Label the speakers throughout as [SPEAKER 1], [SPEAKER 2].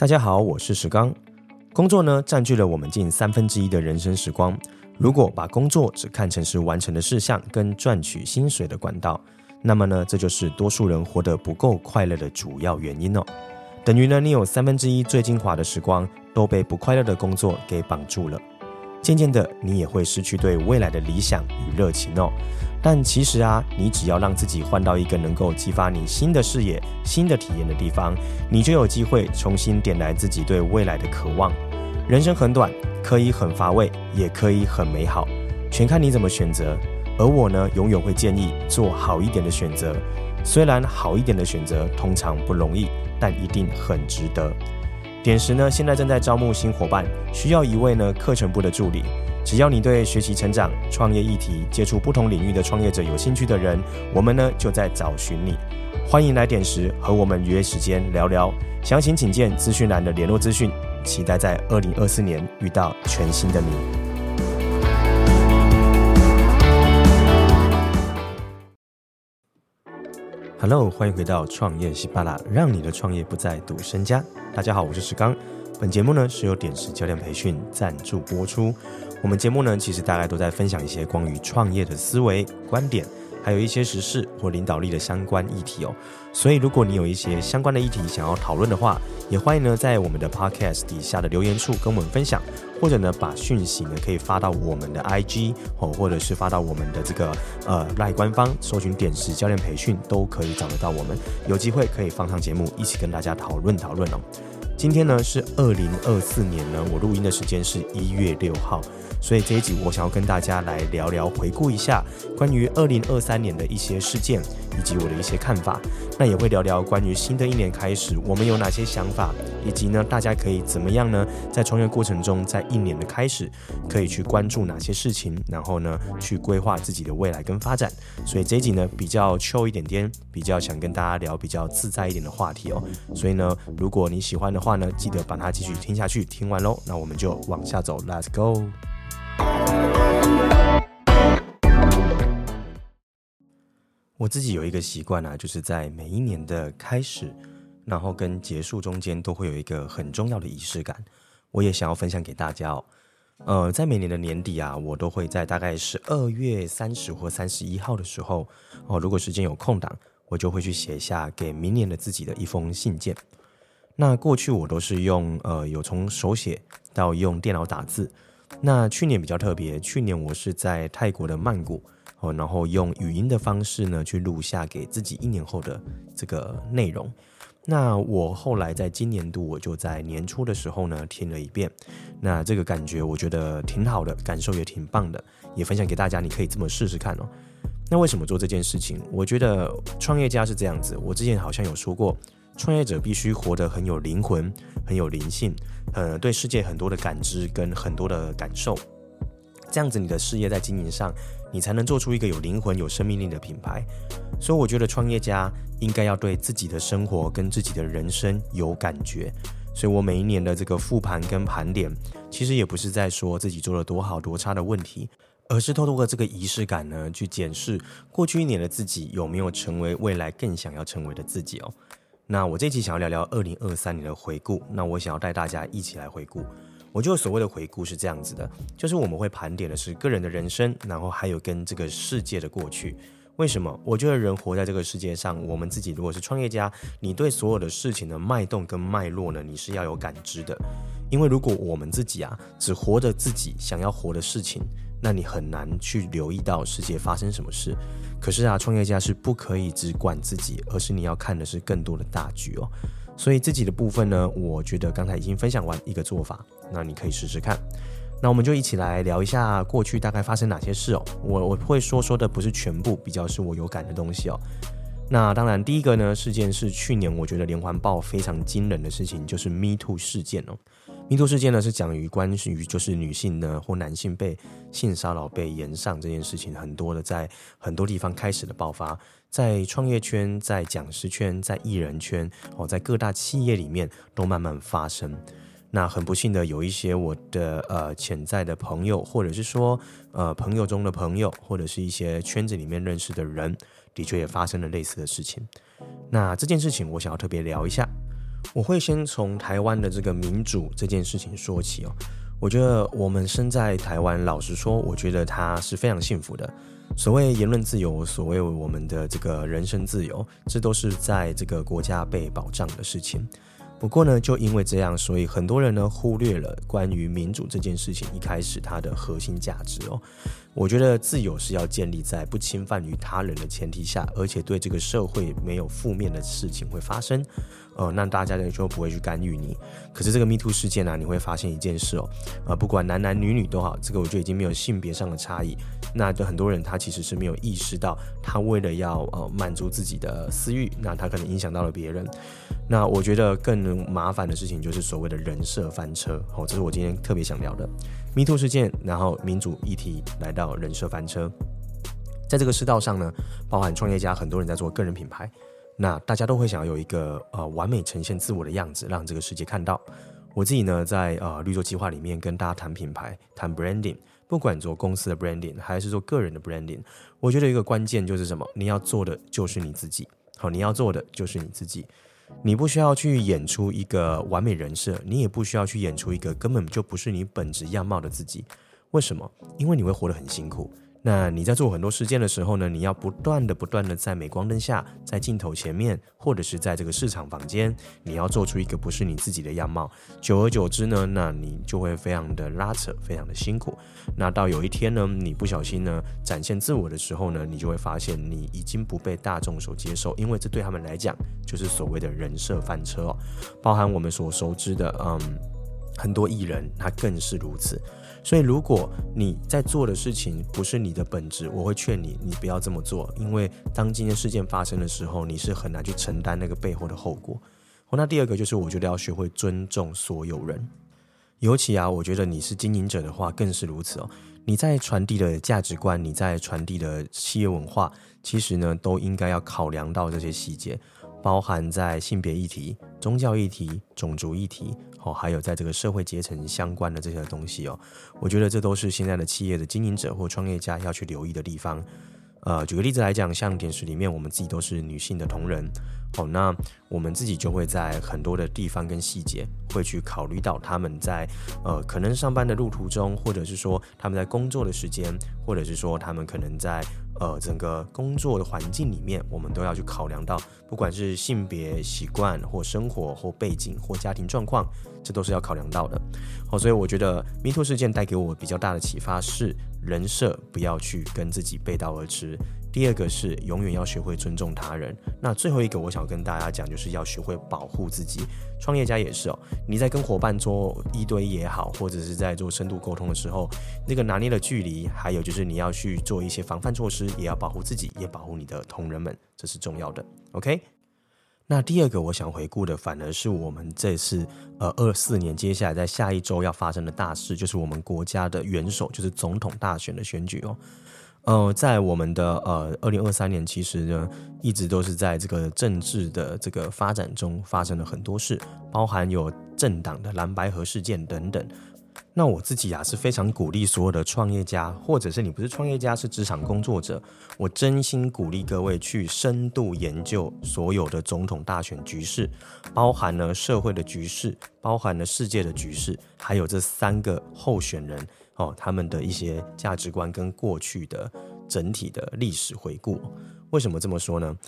[SPEAKER 1] 大家好，我是石剛。工作呢，佔據了我們近三分之一的人生時光。如果把工作只看成是完成的事項跟賺取薪水的管道，那麼呢，這就是多數人活得不夠快樂的主要原因哦。等於呢，你有三分之一最精華的時光都被不快樂的工作給綁住了。漸漸的，你也會失去對未來的理想與熱情哦。但其實啊，你只要讓自己換到一個能夠激發你新的視野、新的體驗的地方，你就有機會重新點燃自己對未來的渴望。人生很短，可以很乏味，也可以很美好，全看你怎麼選擇。而我呢，永遠會建議做好一點的選擇。雖然好一點的選擇通常不容易，但一定很值得。點拾呢，現在正在招募新夥伴，需要一位呢課程部的助理。只要你對學習成長、創業議題、接觸不同領域的創業者有興趣的人，我們呢就在找尋你。歡迎來點拾和我們約時間聊聊，詳情請見資訊欄的聯絡資訊。期待在二零二四年遇到全新的你。Hello，歡迎回到創業西巴拉，讓你的創業不再賭身家。大家好，我是石剛。本節目呢是由點拾教練培訓贊助播出。我們節目呢，其實大概都在分享一些關於創業的思維觀點，還有一些時事或領導力的相關議題哦。所以，如果你有一些相關的議題想要討論的話，也歡迎呢在我們的 Podcast 底下的留言處跟我們分享，或者呢把訊息呢可以發到我們的 IG，哦，或者是發到我們的這個呃賴官方搜尋點拾教練培訓都可以找得到我們，有機會可以放上節目一起跟大家討論討論哦。今天呢是二零二四年呢，我錄音的時間是一月六號，所以這一集我想要跟大家來聊聊，回顧一下關於二零二三年的一些事件以及我的一些看法，那也會聊聊關於新的一年開始，我們有哪些想法，以及呢大家可以怎麼樣呢，在創業過程中，在一年的開始可以去關注哪些事情，然後呢去規劃自己的未來跟發展。所以這一集呢比較 chill 一點點，比較想跟大家聊比較自在一點的話題哦、喔。所以呢，如果你喜歡的話，話呢，記得把它繼續聽下去，聽完嘍，那我們就往下走，Let's go。我自己有一個習慣啊，就是在每一年的開始，然後跟結束中間都會有一個很重要的儀式感，我也想要分享給大家哦。呃，在每年的年底啊，我都會在大概十二月三十或三十一號的時候，哦，如果時間有空檔，我就會去寫下給明年的自己的一封信件。那過去我都是用，呃，有從手寫到用電腦打字。那去年比較特別，去年我是在泰國的曼谷，哦，然後用語音的方式呢去錄下給自己一年後的這個內容。那我後來在今年度，我就在年初的時候呢聽了一遍，那這個感覺我覺得挺好的，感受也挺棒的，也分享給大家，你可以這麼試試看哦。那為什麼做這件事情？我覺得創業家是這樣子，我之前好像有說過。創業者必須活得很有靈魂，很有靈性，很、呃、對世界很多的感知跟很多的感受，這樣子你的事業在經營上，你才能做出一個有靈魂、有生命力的品牌。所以我覺得創業家應該要對自己的生活跟自己的人生有感覺。所以我每一年的這個復盤跟盤點，其實也不是在說自己做了多好多差的問題，而是透過這個儀式感呢，去檢視過去一年的自己有沒有成為未來更想要成為的自己哦。那我這期想要聊聊2023年的回顧。那我想要帶大家一起來回顧。我覺得所謂的回顧是這樣子的，就是我們會盤點的是個人的人生，然後還有跟這個世界的過去。為什麼？我覺得人活在這個世界上，我們自己如果是創業家，你對所有的事情的脈動跟脈絡呢，你是要有感知的。因為如果我們自己啊只活着自己想要活的事情，那你很難去留意到世界發生什麼事。可是啊，創業家是不可以只管自己，而是你要看的是更多的大局哦。所以自己的部分呢，我覺得剛才已經分享完一個做法，那你可以試試看。那我們就一起來聊一下過去大概發生哪些事哦。我我會說說的不是全部，比較是我有感的東西哦。那當然，第一個呢件事件是去年我覺得連環爆非常驚人的事情，就是 MeToo 事件哦。MeToo 事件呢，是講於關於就是女性呢或男性被性騷擾、被炎上這件事情，很多的在很多地方開始的爆發，在創業圈、在講師圈、在藝人圈，哦，在各大企業裡面都慢慢發生。那很不幸的，有一些我的呃潛在的朋友，或者是說呃朋友中的朋友，或者是一些圈子裡面認識的人，的確也發生了類似的事情。那這件事情，我想要特別聊一下。我會先從台灣的這個民主這件事情說起哦。我覺得我們身在台灣，老實說，我覺得他是非常幸福的。所謂言論自由，所謂我們的這個人身自由，這都是在這個國家被保障的事情。不過呢，就因為這樣，所以很多人呢忽略了關於民主這件事情一開始它的核心價值哦。我覺得自由是要建立在不侵犯於他人的前提下，而且對這個社會沒有負面的事情會發生。哦，那大家也就不會去干預你。可是這個 Me Too 事件呢，啊，你會發現一件事哦，呃，不管男男女女都好，這個我就已經沒有性別上的差異。那對很多人，他其實是沒有意識到，他為了要呃滿足自己的私欲，那他可能影響到了別人。那我覺得更麻煩的事情就是所謂的人設翻車。哦，這是我今天特別想聊的 Me Too 事件，然後民主議題來到人設翻車，在這個世道上呢，包含創業家很多人在做個人品牌。那大家都會想要有一個呃完美呈現自我的樣子，讓這個世界看到。我自己呢，在呃綠洲計劃裡面跟大家談品牌，談 branding，不管做公司的 branding，還是做個人的 branding，我覺得一個關鍵就是什麼？你要做的就是你自己。好，你要做的就是你自己，你不需要去演出一個完美人設，你也不需要去演出一個根本就不是你本質樣貌的自己。為什麼？因為你會活得很辛苦。那你在做很多事件的時候呢，你要不斷的、不斷的在鎂光燈下，在鏡頭前面，或者是在這個市場房間，你要做出一個不是你自己的樣貌。久而久之呢，那你就會非常的拉扯，非常的辛苦。那到有一天呢，你不小心呢展現自我的時候呢，你就會發現你已經不被大眾所接受，因為這對他們來講就是所謂的人設翻車哦。包含我們所熟知的，嗯，很多藝人，他更是如此。所以，如果你在做的事情不是你的本職，我會勸你，你不要這麼做，因為當今天事件發生的時候，你是很難去承擔那個背後的後果。那第二個就是，我覺得要學會尊重所有人，尤其啊，我覺得你是經營者的話，更是如此哦。你在傳遞的價值觀，你在傳遞的企業文化，其實呢，都應該要考量到這些細節，包含在性別議題、宗教議題、種族議題。哦，還有在這個社會階層相關的這些東西哦，我覺得這都是現在的企業的經營者或創業家要去留意的地方。呃，舉個例子來講，像點拾裡面，我們自己都是女性的同仁，好、哦，那我們自己就會在很多的地方跟細節會去考慮到他們在呃可能上班的路途中，或者是說他們在工作的時間，或者是說他們可能在。呃，整個工作的環境裡面，我們都要去考量到，不管是性別、習慣、或生活、或背景、或家庭狀況，這都是要考量到的。好，哦，所以我覺得 Me Too 事件帶給我比較大的啟發是，人設不要去跟自己背道而馳。第二個是永遠要學會尊重他人。那最後一個，我想跟大家講，就是要學會保護自己。創業家也是哦，你在跟夥伴做一對一也好，或者是在做深度溝通的時候，那個拿捏的距離，還有就是你要去做一些防範措施，也要保護自己，也保護你的同仁們，這是重要的。OK。那第二個，我想回顧的，反而是我們這次呃24年接下來在下一周要發生的大事，就是我們國家的元首，就是總統大選的選舉哦。呃，在我們的呃二零二三年，其實呢，一直都是在這個政治的這個發展中發生了很多事，包含有政黨的藍白合事件等等。那我自己呀、啊、是非常鼓勵所有的創業家，或者是你不是創業家，是職場工作者，我真心鼓勵各位去深度研究所有的總統大選局勢，包含了社會的局勢，包含了世界的局勢，還有這三個候選人哦，他們的一些價值觀跟過去的整體的歷史回顧。為什麼這麼說呢？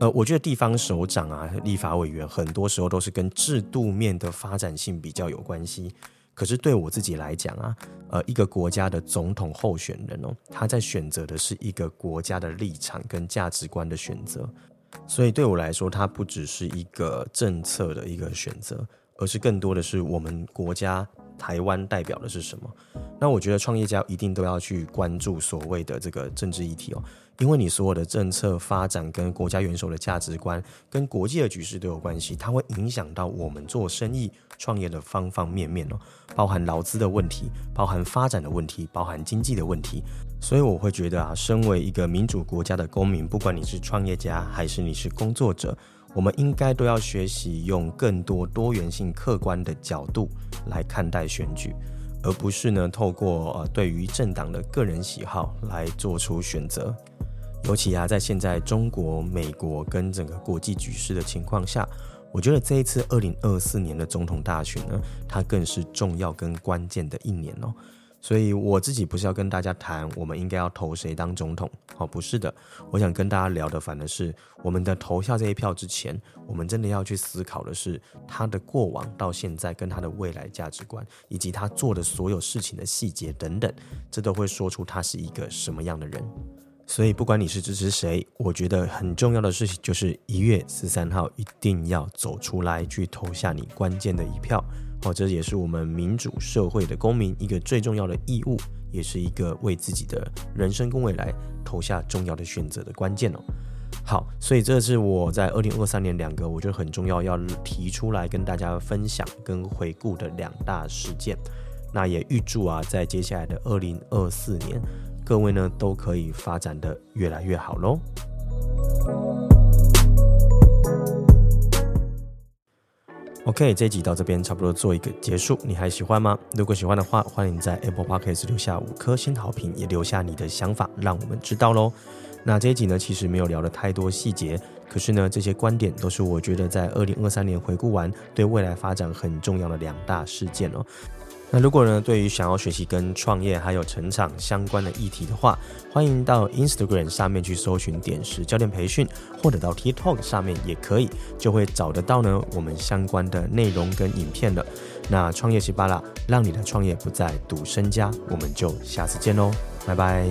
[SPEAKER 1] 呃，我覺得地方首長啊、立法委員，很多時候都是跟制度面的發展性比較有關係。可是對我自己來講啊，呃，一個國家的總統候選人哦，他在選擇的是一個國家的立場跟價值觀的選擇。所以對我來說，他不只是一個政策的一個選擇，而是更多的是我們國家。台灣代表的是什麼？那我覺得創業家一定都要去關注所謂的這個政治議題哦，因為你所有的政策發展跟國家元首的價值觀、跟國際的局勢都有關係，它會影響到我們做生意、創業的方方面面哦，包含勞資的問題，包含發展的問題，包含經濟的問題。所以我會覺得啊，身為一個民主國家的公民，不管你是創業家還是你是工作者。我們應該都要學習用更多多元性、客觀的角度來看待選舉，而不是呢透過呃對於政黨的個人喜好來做出選擇。尤其啊，在現在中國、美國跟整個國際局勢的情況下，我覺得這一次2024年的總統大選呢，它更是重要跟關鍵的一年哦。所以我自己不是要跟大家談我們應該要投誰當總統哦，不是的，我想跟大家聊的反而是我們在投下這一票之前，我們真的要去思考的是他的過往到現在跟他的未來價值觀，以及他做的所有事情的細節等等，這都會說出他是一個什麼樣的人。所以不管你是支持誰，我覺得很重要的事情就是一月十三號一定要走出來去投下你關鍵的一票。哦，這也是我們民主社會的公民一個最重要的義務，也是一個為自己的人生跟未來投下重要的選擇的關鍵哦。好，所以這是我在二零二三年兩個我覺得很重要要提出來跟大家分享跟回顧的兩大事件。那也預祝啊，在接下來的二零二四年，各位呢都可以發展得越來越好嘍。OK，這一集到這邊差不多做一個結束，你還喜歡嗎？如果喜歡的話，歡迎在 Apple Podcast 留下五顆星好評，也留下你的想法，讓我們知道嘍。那這一集呢，其實沒有聊得太多細節，可是呢，這些觀點都是我覺得在二零二三年回顧完，對未來發展很重要的兩大事件哦。那如果呢，對於想要學習跟創業還有成長相關的議題的話，歡迎到 Instagram 上面去搜尋點拾教練培訓，或者到 TikTok 上面也可以，就會找得到呢我們相關的內容跟影片的。那創業十巴啦，讓你的創業不再賭身家，我們就下次見嘍，拜拜。